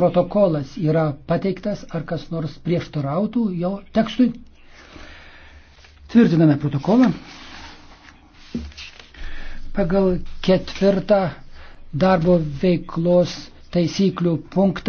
protokolas yra pateiktas, ar kas nors prieštarautų jo tekstui. Tvirtiname protokolą. Pagal ketvirtą darbo veiklos taisyklių punktą.